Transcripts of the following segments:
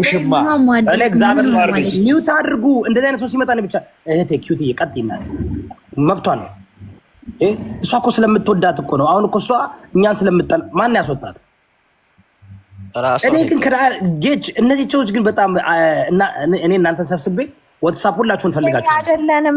ውሽማ እኔ እግዚአብሔር ማርገሽ ሚውት አድርጉ። እንደዚህ አይነት ሰው ሲመጣ ነው ብቻ እህቴ ኪዩት እየቀጥ ይናል መብቷ ነው። እሷ እኮ ስለምትወዳት እኮ ነው። አሁን እኮ እሷ እኛን ስለምጠላ ማን ያስወጣት? እኔ ግን ከጌጅ እነዚህ ሰዎች ግን በጣም እኔ እናንተን ሰብስቤ ወትሳፕ ሁላችሁን ፈልጋችሁ አይደለንም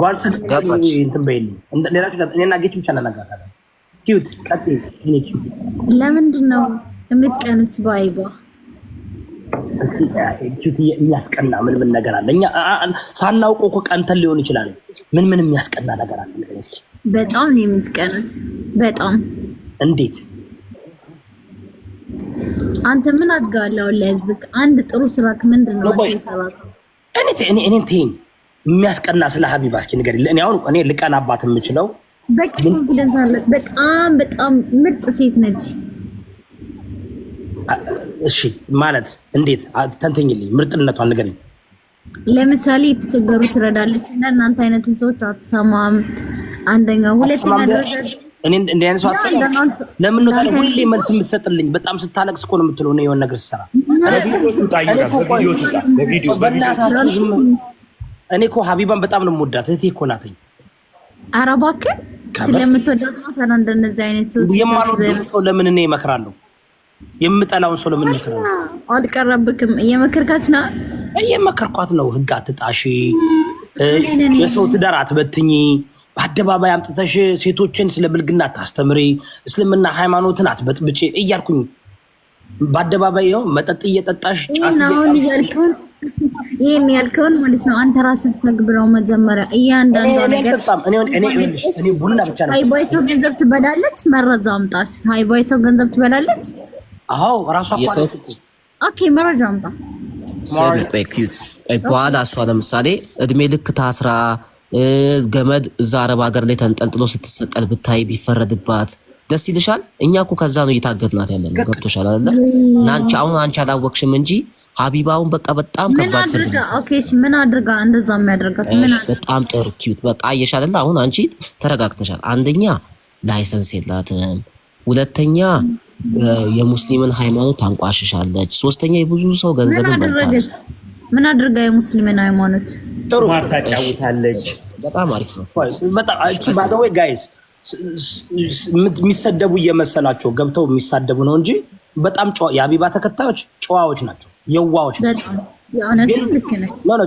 ጓድ ብቻ ለምንድን ነው የምትቀኑት? በይቦ የሚያስቀና ምን ምን ነገር አለ? እኛ እኮ ቀንተን ሊሆን ይችላል። ምን ምን የሚያስቀና ነገር አለ? በጣም ነው የምትቀኑት። በጣም እንዴት? አንተ ምን አድጋለሁ? ለህዝብ አንድ ጥሩ ስራክ ምንድን ነው? እኔ እኔ የሚያስቀና ስለ ሀቢባ እስኪ ንገሪኝ። እኔ አሁን እኔ ልቀን አባት የምችለው በቂ ኮንፊደንስ አለ። በጣም በጣም ምርጥ ሴት ነች። እሺ ማለት እንዴት ተንተኝልኝ፣ ምርጥነቷን ንገሪኝ። ለምሳሌ የተቸገሩ ትረዳለች። እና እናንተ አይነቱን ሰዎች አትሰማም። አንደኛ ሁለተኛ ደረጃ እኔ እንደ አይነት ሰው አትሰማም። ለምን ነው ታዲያ ሁሌ መልስ የምትሰጥልኝ? በጣም ስታለቅስ እኮ ነው የምትለው። እኔ የሆነ ነገር ሰራ በእናታችሁ እኔ እኮ ሀቢባን በጣም ነው የምወዳት። እህቴ እኮ ናትኝ። ኧረ እባክህ ስለምትወዳት ነው። እንደነዚህ አይነት ሰው ሰው ለምን እኔ እመክራለሁ? የምጠላውን ሰው ለምን እመክራለሁ? አልቀረብክም። እየመከርካት ነው። እየመከርኳት ነው። ህግ የሰው ትዳር አትበትኝ፣ በአደባባይ አምጥተሽ ሴቶችን ስለ ብልግና አታስተምሪ፣ እስልምና ሃይማኖትን አትበጥብጪ እያልኩኝ በአደባባይ መጠጥ እየጠጣሽ ይሄን ያልከውን ማለት ነው አንተ ራስህ ተግብረው መጀመሪያ እያንዳንዱ ነገር ሰው ገንዘብ ትበላለች። መረጃ አምጣ። ሃይባይ ሰው ገንዘብ ትበላለች። ኦኬ፣ መረጃ አምጣ። በኋላ እሷ ለምሳሌ እድሜ ልክ ታስራ ገመድ እዛ አረብ ሀገር ላይ ተንጠልጥሎ ስትሰቀል ብታይ ቢፈረድባት ደስ ይልሻል? እኛ እኮ ከዛ ነው እየታገድናት ያለ ነው። ገብቶሻል አይደለ? አሁን አንቺ አላወቅሽም እንጂ ሀቢባውን በቃ በጣም ከባድ ፍርድ። ምን አድርጋ እንደዛ የሚያደርጋት? ምን አድርጋ? በጣም ጥሩ ኪዩት በቃ አየሻለላ። አሁን አንቺ ተረጋግተሻል። አንደኛ ላይሰንስ የላትም፣ ሁለተኛ የሙስሊምን ሃይማኖት ታንቋሽሻለች፣ ሶስተኛ የብዙ ሰው ገንዘብን በልታለች። ምን አድርጋ የሙስሊምን ሃይማኖት ጥሩ ታጫውታለች። በጣም አሪፍ ነው። ባይ ዘ ባደወይ ጋይስ የሚሰደቡ እየመሰላቸው ገብተው የሚሳደቡ ነው እንጂ በጣም የሀቢባ ተከታዮች ጨዋዎች ናቸው። የዋዎች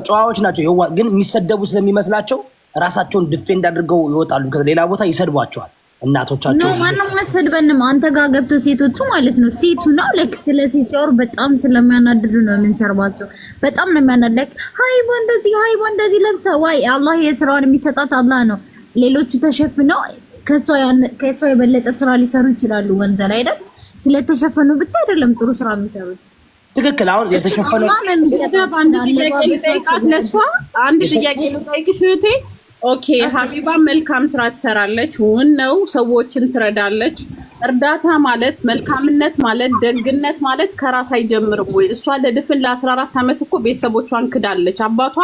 ጨዋዎች ናቸው። ግን የሚሰደቡ ስለሚመስላቸው ራሳቸውን ዲፌንድ አድርገው ይወጣሉ። ሌላ ቦታ ይሰድቧቸዋል። እናቶቻቸው ማንም አያሰድበንም። አንተ ጋር ገብቶ ሴቶቹ ማለት ነው ሴቱ ነው ለክ ስለ ሴት ሲያወሩ በጣም ስለሚያናድዱ ነው የምንሰርባቸው። በጣም ነው የሚያናድድ። ሀይቦ እንደዚህ ሀይቦ እንደዚህ ለብሳ ዋይ አላህ የስራውን የሚሰጣት አላህ ነው። ሌሎቹ ተሸፍነው ከእሷ የበለጠ ስራ ሊሰሩ ይችላሉ። ወንዘል አይደል? ስለተሸፈኑ ብቻ አይደለም ጥሩ ስራ የሚሰሩት ትክክል። አሁን የተሸፈነ ለእሷ አንድ ጥያቄ ልጠይቅሽ እህቴ። ኦኬ ሀቢባ መልካም ስራ ትሰራለች፣ ውን ነው ሰዎችን ትረዳለች። እርዳታ ማለት መልካምነት ማለት ደግነት ማለት ከራስ አይጀምርም ወይ? እሷ ለድፍን ለ14 ዓመት እኮ ቤተሰቦቿን ክዳለች። አባቷ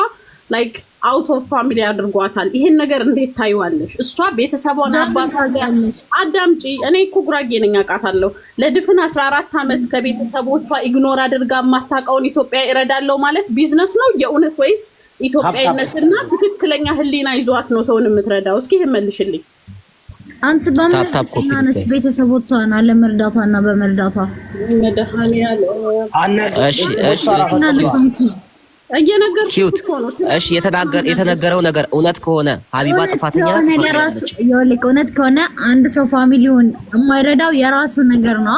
ላይክ አውቶ ፋሚሊ አድርጓታል። ይሄን ነገር እንዴት ታይዋለሽ? እሷ ቤተሰቧን አባቷ አዳምጪ። እኔ እኮ ጉራጌ ነኝ አውቃታለሁ። ለድፍን አስራ አራት ዓመት ከቤተሰቦቿ ኢግኖር አድርጋ የማታውቀውን ኢትዮጵያ ይረዳለው ማለት ቢዝነስ ነው የእውነት ወይስ ኢትዮጵያዊነትና ትክክለኛ ህሊና ይዟት ነው ሰውን የምትረዳው? እስኪ ይመልሽልኝ። መልሽልኝ። አንቺ በመናነች ቤተሰቦቿን አለመርዳቷ እና በመርዳቷ መድኃኒዓለም እሺ ነገር እውነት ከሆነ ሀቢባ ጥፋተኛ ናት። እውነት ከሆነ አንድ ሰው ፋሚሊውን የማይረዳው የራሱ ነገር ነው።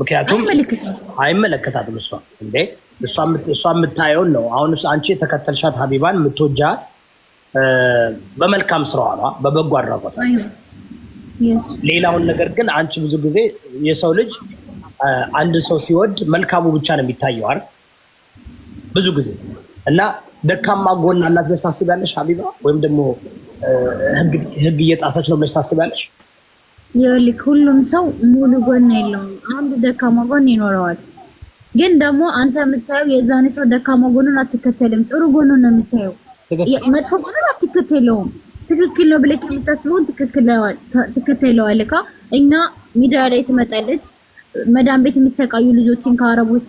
ምክንያቱም አይመለከታትም። እሷ እንዴ እሷ የምታየውን ነው። አሁን አንቺ የተከተልሻት ሀቢባን የምትወጃት በመልካም ስራዋ በበጎ አድራጎት፣ ሌላውን ነገር ግን አንቺ ብዙ ጊዜ የሰው ልጅ አንድ ሰው ሲወድ መልካሙ ብቻ ነው የሚታየው አይደል? ብዙ ጊዜ እና ደካማ ጎን አላት ብለሽ ታስቢያለሽ ሀቢባ? ወይም ደግሞ ህግ እየጣሰች ነው ብለሽ ታስቢያለሽ? የሊክ ሁሉም ሰው ሙሉ ጎን የለውም። አንዱ ደካማ ጎን ይኖረዋል። ግን ደግሞ አንተ የምታየው የዛኔ ሰው ደካማ ጎኑን አትከተልም። ጥሩ ጎኑን ነው የምታየው፣ መጥፎ ጎኑን አትከተለውም። ትክክል ነው ብለህ የምታስበውን ትከተለዋለህ። ካ እኛ ሚዲያ ላይ ትመጣለች፣ መዳን ቤት የሚሰቃዩ ልጆችን ከአረቦች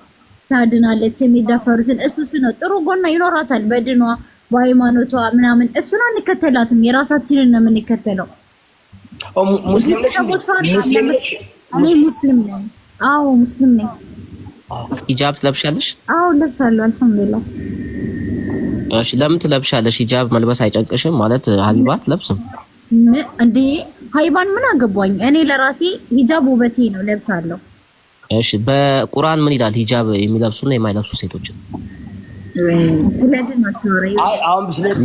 ታድናለች፣ የሚዳፈሩትን እሱ እሱ ነው ጥሩ ጎና ይኖራታል፣ በድኗ በሃይማኖቷ ምናምን። እሱን አንከተላትም፣ የራሳችንን ነው የምንከተለው። ሙስሊም ነኝ። አዎ ሙስሊም ነኝ። ሂጃብ ትለብሻለሽ? አዎ ለብሳለሁ። አልሐምዱሊላህ። እሺ ለምን ትለብሻለሽ? ሂጃብ መልበስ አይጨንቅሽም? ማለት ሀቢባ ትለብስም? እንዴ? ሀይባን ምን አገባኝ? እኔ ለራሴ ሂጃብ ውበቴ ነው፣ ለብሳለሁ። እሺ በቁርአን ምን ይላል? ሂጃብ የሚለብሱና የማይለብሱ ሴቶችን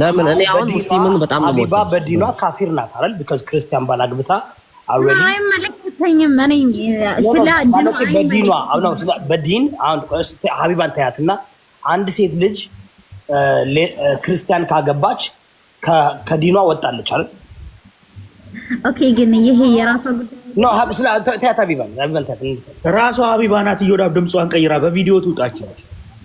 ለምን እኔ አሁን ሙስሊምን በጣም ነው በዲኗ ካፊር ናት አይደል? ክርስቲያን ባል አግብታ በዲን አሁን ሀቢባን ታያትና አንድ ሴት ልጅ ክርስቲያን ካገባች ከዲኗ ወጣለች አይደል? ኦኬ ግን ይሄ የራሷ ጉዳይ ነው። ሀቢባን ራሷ ሀቢባ ናት። እዮዳብ ድምጿን ቀይራ በቪዲዮ ትውጣችኋል።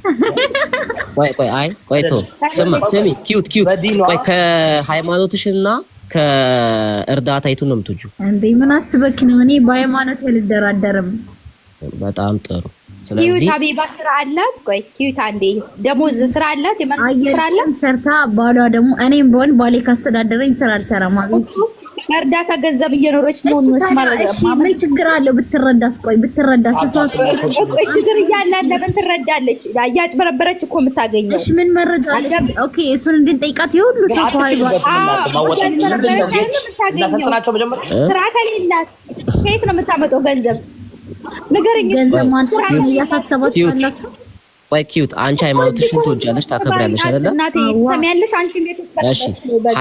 ቆይ ቆይ፣ አይ ቆይ፣ ቶ ስማ፣ ስሚ፣ ኪዩት ኪዩት፣ ቆይ ከሃይማኖትሽና ከእርዳታ የቱን ነው የምትወጂው? እንዴ ምን አስበክ ነው? እኔ በሃይማኖት አልደራደርም። በጣም ጥሩ። ስለዚህ ሀቢባ ስራ አላት። ቆይ ኪዩት አንዴ ደሞዝ ስራ አላት፣ የመንግስት ስራ አላት ሰርታ። ባሏ ደግሞ እኔም በሆን ባሌ ካስተዳደረኝ ስራ አልሰራም አገኘሁ እርዳታ ገንዘብ እየኖረች ነው። ምን ችግር አለው ብትረዳስ? ቆይ ብትረዳስ ችግር እያላት ለምን ትረዳለች? እያጭበረበረች እኮ የምታገኘው እሺ፣ ምን መረጃ አለሽ? እሱን እንድንጠይቃት የሁሉ ሰው ስራ ከሌላት ከየት ነው የምታመጣው ገንዘብ? ንገረኝ። ገንዘብ ማንሳት እያሳሰባት ያላችሁ ቆይ ኪዩት፣ አንቺ ሃይማኖትሽን ትወጃለሽ ታከብሪያለሽ አይደለ? እሺ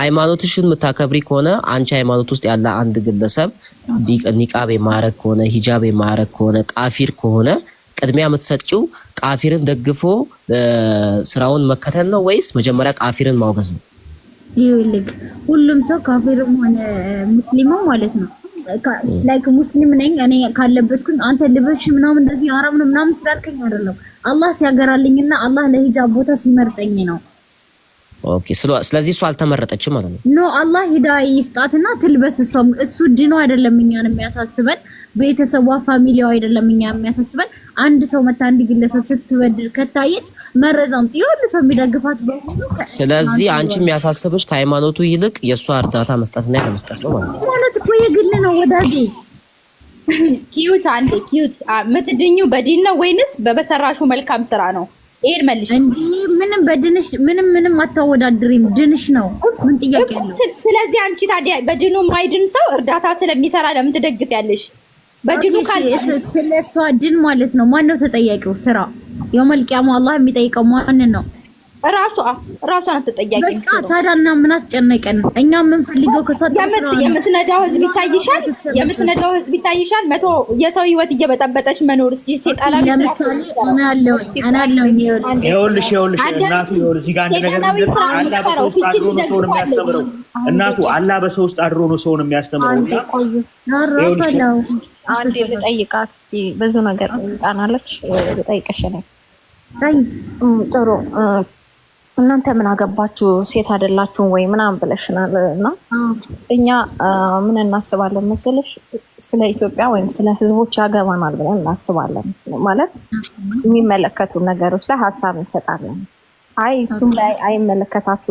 ሃይማኖትሽን የምታከብሪ ከሆነ አንቺ ሃይማኖት ውስጥ ያለ አንድ ግለሰብ ኒቃብ የማረግ ከሆነ ሂጃብ የማረግ ከሆነ ቃፊር ከሆነ ቅድሚያ የምትሰጪው ቃፊርን ደግፎ ስራውን መከተል ነው ወይስ መጀመሪያ ቃፊርን ማውገዝ ነው? ይኸውልህ ሁሉም ሰው ካፊርም ሆነ ሙስሊምም ማለት ነው ላይክ ሙስሊም ነኝ እኔ ካለበስኩኝ አንተ ልበሽ ምናምን እንደዚህ ሀራም ነው ምናምን ስላልከኝ አይደለም። አላህ ሲያገራልኝና አላህ ለሂጃብ ቦታ ሲመርጠኝ ነው። ኦኬ ስለዚህ እሱ አልተመረጠችም ማለት ነው። ኖ አላህ ሂዳይ ይስጣትና ትልበስ። እሷም እሱ ድኖ አይደለም እኛን የሚያሳስበን፣ ቤተሰቧ ፋሚሊዋ አይደለም እኛ የሚያሳስበን። አንድ ሰው መታ አንድ ግለሰብ ስትበድል ከታየች መረዛም ጥየው ሰው የሚደግፋት በሙሉ። ስለዚህ አንቺ የሚያሳስብሽ ከሃይማኖቱ ይልቅ የእሷ እርዳታ መስጠት እና ያለመስጠት ነው ማለት ነው። ማለት እኮ የግል ነው ወዳጄ። ኪዩት አንዴ ኪዩት፣ የምትድኙ በዲን ነው ወይንስ በበሰራሹ መልካም ስራ ነው? ይሄድ መልሽ እንዴ! ምንም በድንሽ ምንም ምንም አታወዳድሪም። ድንሽ ነው ምን ጥያቄ ነው? ስለዚህ አንቺ ታዲያ በድኑ ማይድን ሰው እርዳታ ስለሚሰራ ለምን ትደግፊያለሽ? በድኑ ካል ስለሷ ድን ማለት ነው። ማን ነው ተጠያቂው? ስራ የመልቂያሙ አላህ የሚጠይቀው ማንን ነው? ራሷ ራሷ ናት ተጠያቂ። በቃ ታዲያ እና ምን አስጨነቀን? እኛ የምንፈልገው ከሷ የምትነዳው ህዝብ ይታይሻል፣ የምትነዳው ህዝብ ይታይሻል። መቶ የሰው ህይወት እየበጠበጠች መኖር እስቲ ሰይጣናዊ። ለምሳሌ እኔ እኔ ይኸውልሽ፣ ይኸውልሽ እናቱ ይኸውልሽ፣ ጋር አንድ ነገር ነው። እናቱ አላህ በሰው ውስጥ አድሮ ነው ሰውን የሚያስተምረው። አንዴ ብዙ ነገር ነው። ጥሩ እናንተ ምን አገባችሁ ሴት አይደላችሁም ወይ ምናምን ብለሽናል። እና እኛ ምን እናስባለን መሰለሽ ስለ ኢትዮጵያ ወይም ስለ ህዝቦች ያገባናል ብለን እናስባለን። ማለት የሚመለከቱ ነገሮች ላይ ሀሳብ እንሰጣለን። አይ እሱም ላይ አይመለከታችሁ